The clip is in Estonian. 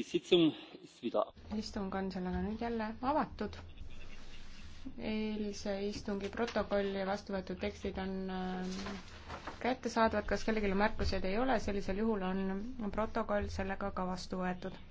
istung on sellena nüüd jälle avatud. eilse istungi protokolli vastu võetud tekstid on ähm, kättesaadavad, kas kellelgi märkuseid ei ole, sellisel juhul on protokoll sellega ka vastu võetud